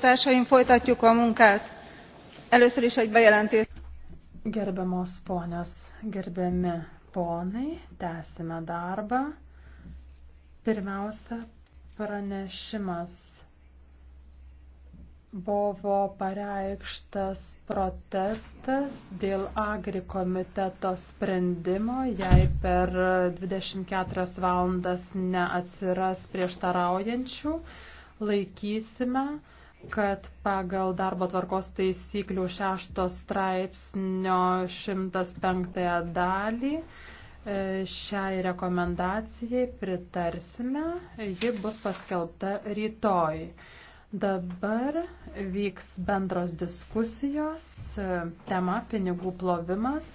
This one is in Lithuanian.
Társaim, folytatjuk a munkát. Először is egy bejelentés. Gerbiamos ponios, gerbiami ponai, tęsime darbą. Pirmiausia, pranešimas buvo pareikštas protestas dėl agri komiteto sprendimo, jei per 24 valandas neatsiras prieštaraujančių, laikysime kad pagal darbo tvarkos taisyklių 6 straipsnio 105 dalį e, šiai rekomendacijai pritarsime, ji bus paskelbta rytoj. Dabar vyks bendros diskusijos, e, tema pinigų plovimas.